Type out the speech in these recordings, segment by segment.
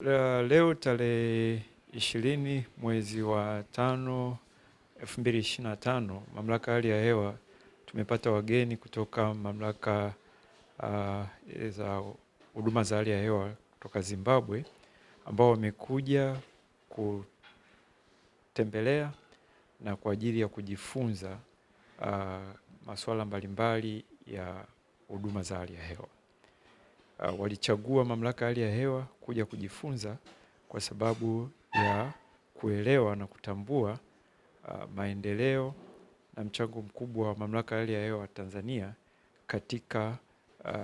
Leo tarehe ishirini mwezi wa tano elfu mbili ishirini na tano mamlaka ya hali ya hewa tumepata wageni kutoka mamlaka uh, za huduma za hali ya hewa kutoka Zimbabwe ambao wamekuja kutembelea na kwa ajili ya kujifunza uh, masuala mbalimbali ya huduma za hali ya hewa uh, walichagua mamlaka ya hali ya hewa kuja kujifunza kwa sababu ya kuelewa na kutambua uh, maendeleo na mchango mkubwa wa mamlaka ya hali ya hewa Tanzania katika uh,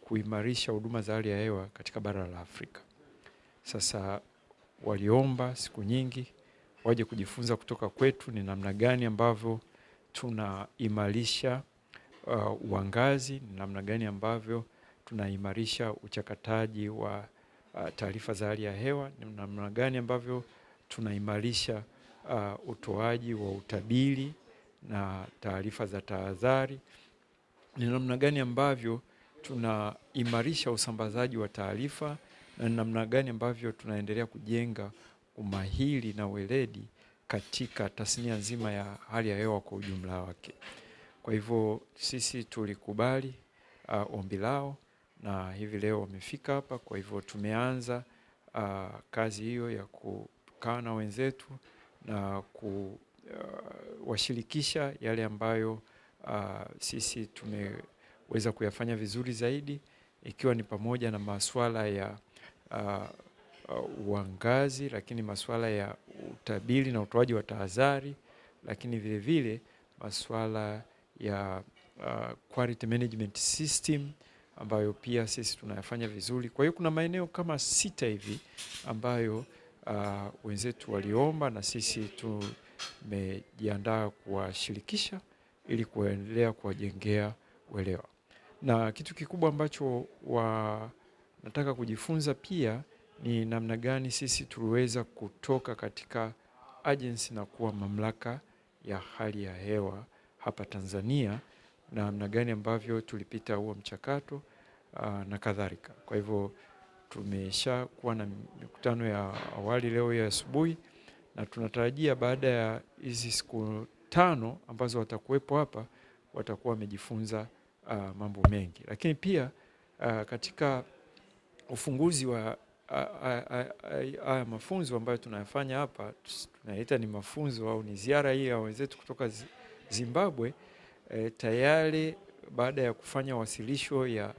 kuimarisha huduma za hali ya hewa katika bara la Afrika. Sasa waliomba siku nyingi waje kujifunza kutoka kwetu ni namna gani ambavyo tunaimarisha uh, uangazi, ni namna gani ambavyo tunaimarisha uchakataji wa uh, taarifa za hali ya hewa, ni namna gani ambavyo tunaimarisha uh, utoaji wa utabiri na taarifa za tahadhari, ni namna gani ambavyo tunaimarisha usambazaji wa taarifa na namna gani ambavyo tunaendelea kujenga umahiri na weledi katika tasnia nzima ya hali ya hewa kwa ujumla wake. Kwa hivyo sisi tulikubali uh, ombi lao na hivi leo wamefika hapa. Kwa hivyo tumeanza uh, kazi hiyo ya kukaa na wenzetu na kuwashirikisha ah, yale ambayo uh, sisi tumeweza kuyafanya vizuri zaidi, ikiwa ni pamoja na masuala ya uh, uh, uangazi, lakini masuala ya utabiri na utoaji wa tahadhari, lakini vile vile masuala ya uh, quality management system ambayo pia sisi tunayafanya vizuri. Kwa hiyo kuna maeneo kama sita hivi ambayo uh, wenzetu waliomba na sisi tumejiandaa kuwashirikisha ili kuendelea kuwajengea uelewa, na kitu kikubwa ambacho wa nataka kujifunza pia ni namna gani sisi tuliweza kutoka katika agency na kuwa mamlaka ya hali ya hewa hapa Tanzania na namna gani ambavyo tulipita huo mchakato aa, ah, na kadhalika. Kwa hivyo tumesha kuwa na mikutano ya awali leo ya asubuhi, na tunatarajia baada ya hizi siku tano ambazo watakuwepo hapa watakuwa wamejifunza uh, mambo mengi, lakini pia uh, katika ufunguzi wa haya mafunzo ambayo tunayafanya hapa, tunaita ni mafunzo au ni ziara hii ya wenzetu kutoka Zimbabwe e, tayari baada ya kufanya wasilisho ya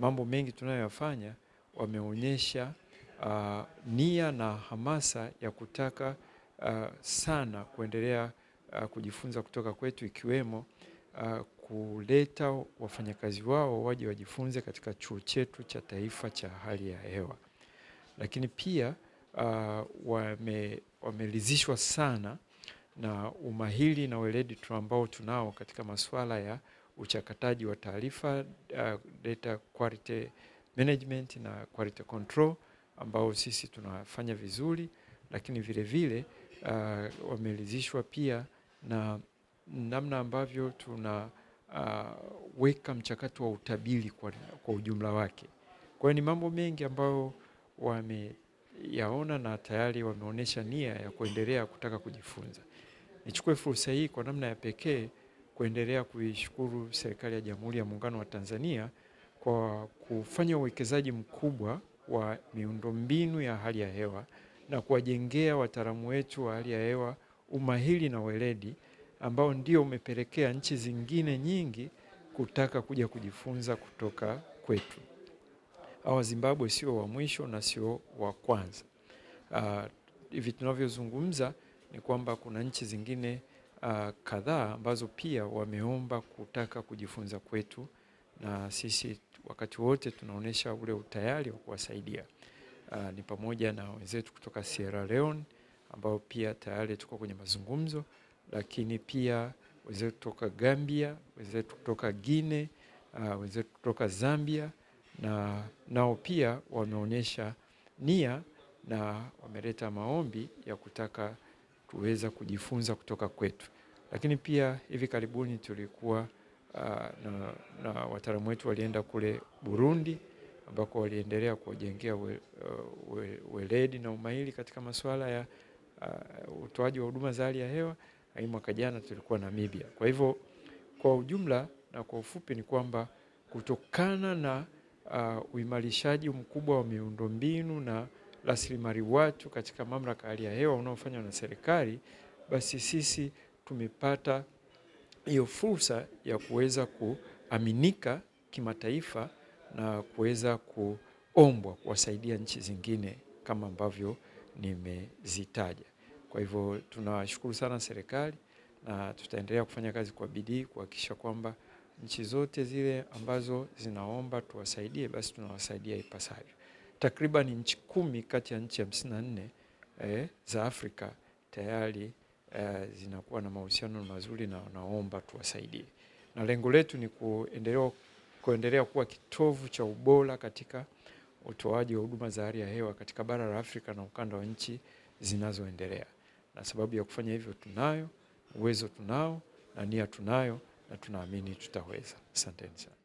mambo mengi tunayoyafanya wameonyesha uh, nia na hamasa ya kutaka uh, sana kuendelea uh, kujifunza kutoka kwetu ikiwemo uh, kuleta wafanyakazi wao waje wajifunze katika chuo chetu cha taifa cha hali ya hewa, lakini pia uh, wame, wamelizishwa sana na umahiri na weledi ambao tunao katika masuala ya uchakataji wa taarifa uh, data quality management na quality control ambao sisi tunafanya vizuri, lakini vile vile uh, wamelizishwa pia na namna ambavyo tunaweka uh, mchakato wa utabiri kwa, kwa ujumla wake. Kwa hiyo ni mambo mengi ambayo wame yaona na tayari wameonyesha nia ya kuendelea kutaka kujifunza. Nichukue fursa hii kwa namna ya pekee kuendelea kuishukuru serikali ya Jamhuri ya Muungano wa Tanzania kwa kufanya uwekezaji mkubwa wa miundombinu ya hali ya hewa na kuwajengea wataalamu wetu wa hali ya hewa umahiri na weledi ambao ndio umepelekea nchi zingine nyingi kutaka kuja kujifunza kutoka kwetu hawa Zimbabwe sio wa mwisho na sio wa kwanza. Ah, hivi uh, tunavyozungumza ni kwamba kuna nchi zingine uh, kadhaa ambazo pia wameomba kutaka kujifunza kwetu, na sisi wakati wote tunaonyesha ule utayari wa kuwasaidia. Uh, ni pamoja na wenzetu kutoka Sierra Leone ambao pia tayari tuko kwenye mazungumzo, lakini pia wenzetu kutoka Gambia, wenzetu kutoka Guinea, uh, wenzetu kutoka Zambia na nao pia wameonyesha nia na wameleta maombi ya kutaka kuweza kujifunza kutoka kwetu. Lakini pia hivi karibuni tulikuwa uh, na, na wataalamu wetu walienda kule Burundi ambako waliendelea kuwajengea weledi uh, we, weledi na umahiri katika masuala ya uh, utoaji wa huduma za hali ya hewa. Lakini mwaka jana tulikuwa Namibia. Kwa hivyo kwa ujumla na kwa ufupi ni kwamba kutokana na uh, uimarishaji mkubwa wa miundombinu na rasilimali watu katika mamlaka hali ya hewa unaofanywa na serikali, basi sisi tumepata hiyo fursa ya kuweza kuaminika kimataifa na kuweza kuombwa kuwasaidia nchi zingine kama ambavyo nimezitaja. Kwa hivyo tunawashukuru sana serikali na tutaendelea kufanya kazi kwa bidii kuhakikisha kwamba nchi zote zile ambazo zinaomba tuwasaidie, basi tunawasaidia ipasavyo. Takriban nchi kumi kati ya nchi hamsini na nne eh, za Afrika tayari eh, zinakuwa na mahusiano mazuri na wanaomba tuwasaidie, na lengo letu ni kuendelea, kuendelea kuwa kitovu cha ubora katika utoaji wa huduma za hali ya hewa katika bara la Afrika na ukanda wa nchi zinazoendelea. Na sababu ya kufanya hivyo tunayo, uwezo tunao, na nia tunayo na tunaamini tutaweza. Asanteni sana.